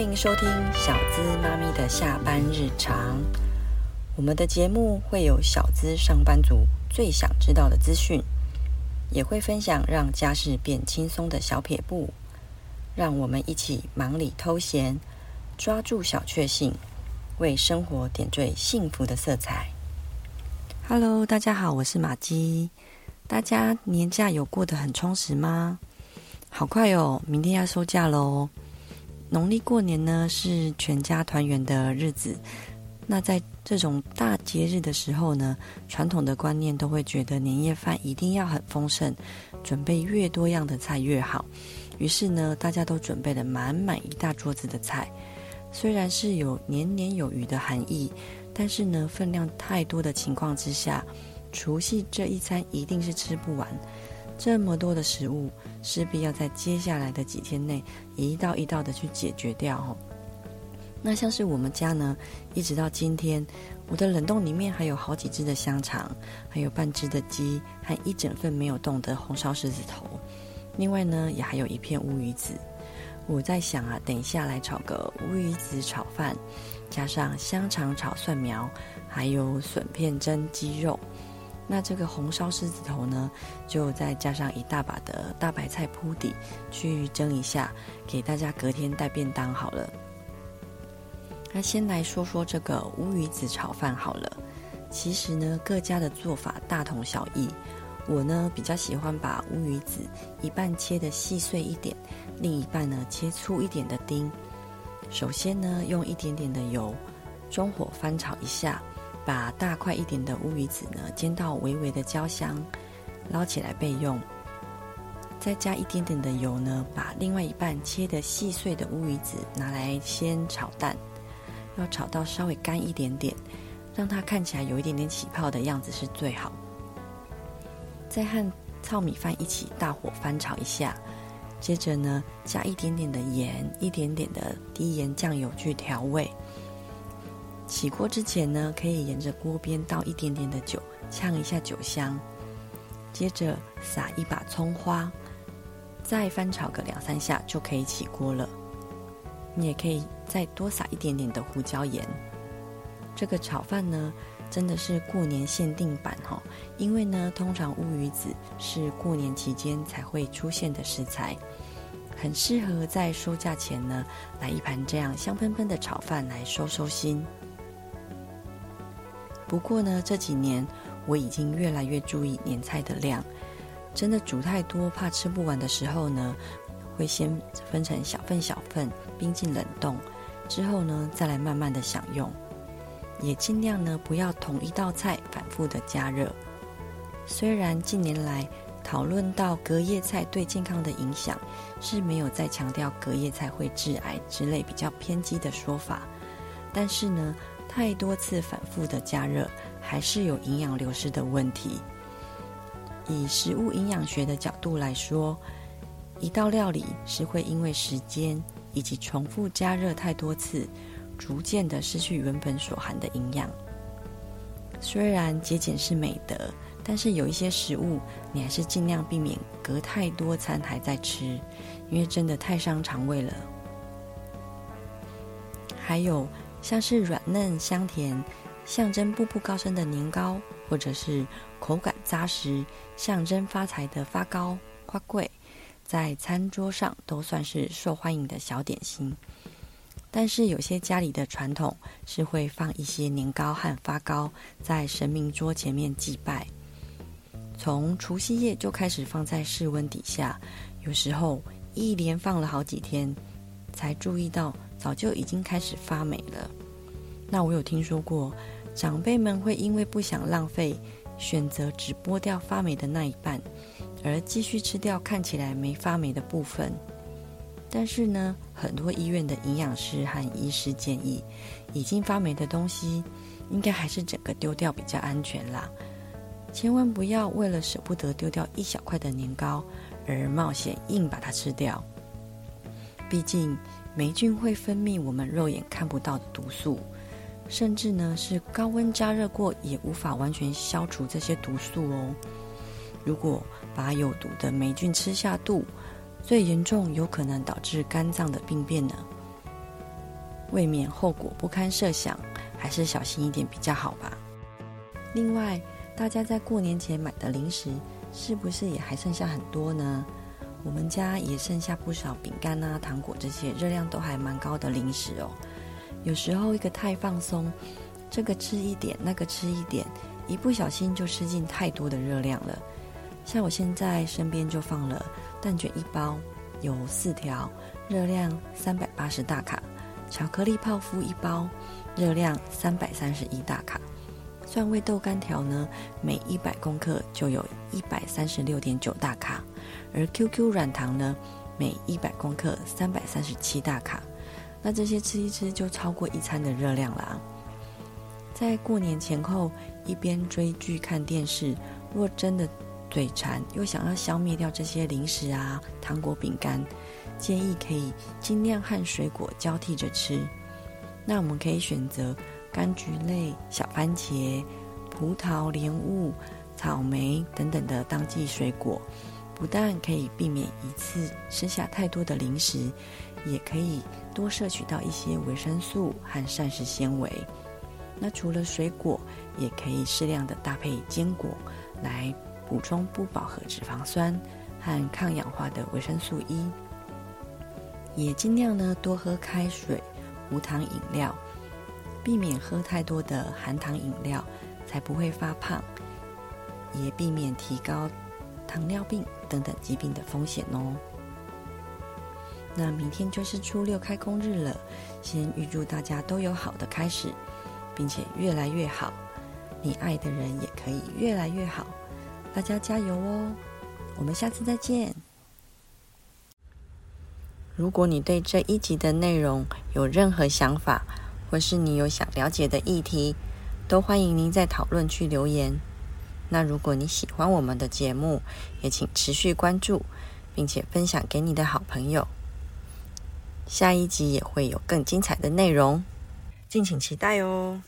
歡迎收聽小資媽咪的下班日常。我們的節目會有小資上班族最想知道的資訊，也會分享讓家事變輕鬆的小撇步。讓我們一起忙裡偷閒，抓住小確幸，為生活點綴幸福的色彩。Hello，大家好，我是瑪姬。大家年假有過得很充實嗎？好快哦，明天要收假嘍。農曆過年呢，是全家團圓的日子，那在這種大節日的時候呢，傳統的觀念都會覺得年夜飯一定要很豐盛，準備越多樣的菜越好。於是呢，大家都準備了滿滿一大桌子的菜，雖然是有年年有餘的含義，但是呢，分量太多的情況之下，除夕這一餐一定是吃不完。這麼多的食物，勢必要在接下來的幾天內一道一道的去解決掉吼，哦。那像是我們家呢，一直到今天，我的冷凍裡面還有好幾隻的香腸，還有半隻的雞，和一整份沒有凍的紅燒獅子頭。另外呢，也還有一片烏魚子。我在想啊，等一下來炒個烏魚子炒飯，加上香腸炒蒜苗，還有筍片蒸雞肉。那這個紅燒獅子頭呢，就再加上一大把的大白菜鋪底，去蒸一下，給大家隔天帶便當好了。那先來說說這個烏魚子炒飯好了。其實呢，各家的做法大同小異。我呢比較喜歡把烏魚子一半切得細碎一點，另一半呢切粗一點的丁。首先呢，用一點點的油，中火翻炒一下。把大塊一點的烏魚子呢煎到微微的焦香，撈起來備用。再加一點點的油呢，把另外一半切得細碎的烏魚子拿來先炒蛋，要炒到稍微乾一點點，讓它看起來有一點點起泡的樣子是最好。再和糙米飯一起大火翻炒一下，接着呢，加一點點的鹽，一點點的低鹽醬油去調味。起鍋之前呢，可以沿着鍋邊倒一點點的酒，嗆一下酒香，接着撒一把蔥花，再翻炒個兩三下就可以起鍋了。你也可以再多撒一點點的胡椒鹽。這個炒飯呢，真的是過年限定版哈、哦，因為呢，通常烏魚子是過年期間才會出現的食材，很適合在收假前呢來一盤這樣香噴噴的炒飯來收收心。不過呢，這幾年我已經越來越注意年菜的量，真的煮太多怕吃不完的時候呢，會先分成小份小份，冰進冷凍，之後呢再來慢慢的享用，也盡量呢不要同一道菜反復的加熱。雖然近年來討論到隔夜菜對健康的影響，是沒有再強調隔夜菜會致癌之類比較偏激的說法，但是呢。太多次反覆的加熱，還是有營養流失的問題。以食物營養學的角度來說，一道料理是會因為時間以及重複加熱太多次，逐漸的失去原本所含的營養。雖然節儉是美德，但是有一些食物，你還是盡量避免隔太多餐還在吃，因為真的太傷腸胃了。還有，像是軟嫩香甜、象徵步步高升的年糕，或者是口感扎實、象徵發財的發糕、花桂，在餐桌上都算是受歡迎的小點心。但是有些家裡的傳統是會放一些年糕和發糕在神明桌前面祭拜，從除夕夜就開始放在室溫底下，有時候一連放了好幾天。才注意到，早就已經開始發黴了。那我有聽說過，長輩們會因為不想浪費，選擇只剝掉發黴的那一半，而繼續吃掉看起來沒發黴的部分。但是呢，很多醫院的營養師和醫師建議，已經發黴的東西，應該還是整個丟掉比較安全啦。千萬不要為了舍不得丟掉一小塊的年糕，而冒險硬把它吃掉。畢竟，黴菌會分泌我們肉眼看不到的毒素，甚至呢是高溫加熱過也無法完全消除這些毒素哦。如果把有毒的黴菌吃下肚，最嚴重有可能導致肝臟的病變呢，未免後果不堪設想，還是小心一點比較好吧。另外，大家在過年前買的零食，是不是也還剩下很多呢？我們家也剩下不少餅乾啊、糖果這些熱量都還蠻高的零食哦。有時候一個太放鬆，這個吃一點，那個吃一點，一不小心就吃進太多的熱量了。像我現在身邊就放了蛋捲一包，有四條，熱量三百八十大卡；巧克力泡芙一包，熱量三百三十一大卡；蒜味豆乾條呢，每一百公克就有。一百三十六點九大卡，而 QQ 軟糖呢，每一百公克三百三十七大卡，那這些吃一吃就超過一餐的熱量啦。在過年前後，一邊追劇看電視，若真的嘴饞又想要消滅掉這些零食啊、糖果、餅乾，建議可以儘量和水果交替着吃。那我們可以選擇柑橘類、小番茄、葡萄、蓮霧。草莓等等的當季水果，不但可以避免一次吃下太多的零食，也可以多攝取到一些維生素和膳食纖維。那除了水果，也可以適量的搭配堅果，來補充不飽和脂肪酸和抗氧化的維生素 E。也盡量呢，多喝開水、無糖飲料，避免喝太多的含糖飲料，才不會發胖。也避免提高糖尿病等等疾病的風險哦。那明天就是初六開工日了，先預祝大家都有好的開始，並且越來越好。你愛的人也可以越來越好，大家加油哦！我們下次再見。如果你對這一集的內容有任何想法，或是你有想了解的議題，都歡迎您在討論區留言。那如果你喜歡我們的節目，也請持續關注，並且分享給你的好朋友。下一集也會有更精彩的內容，敬請期待哦。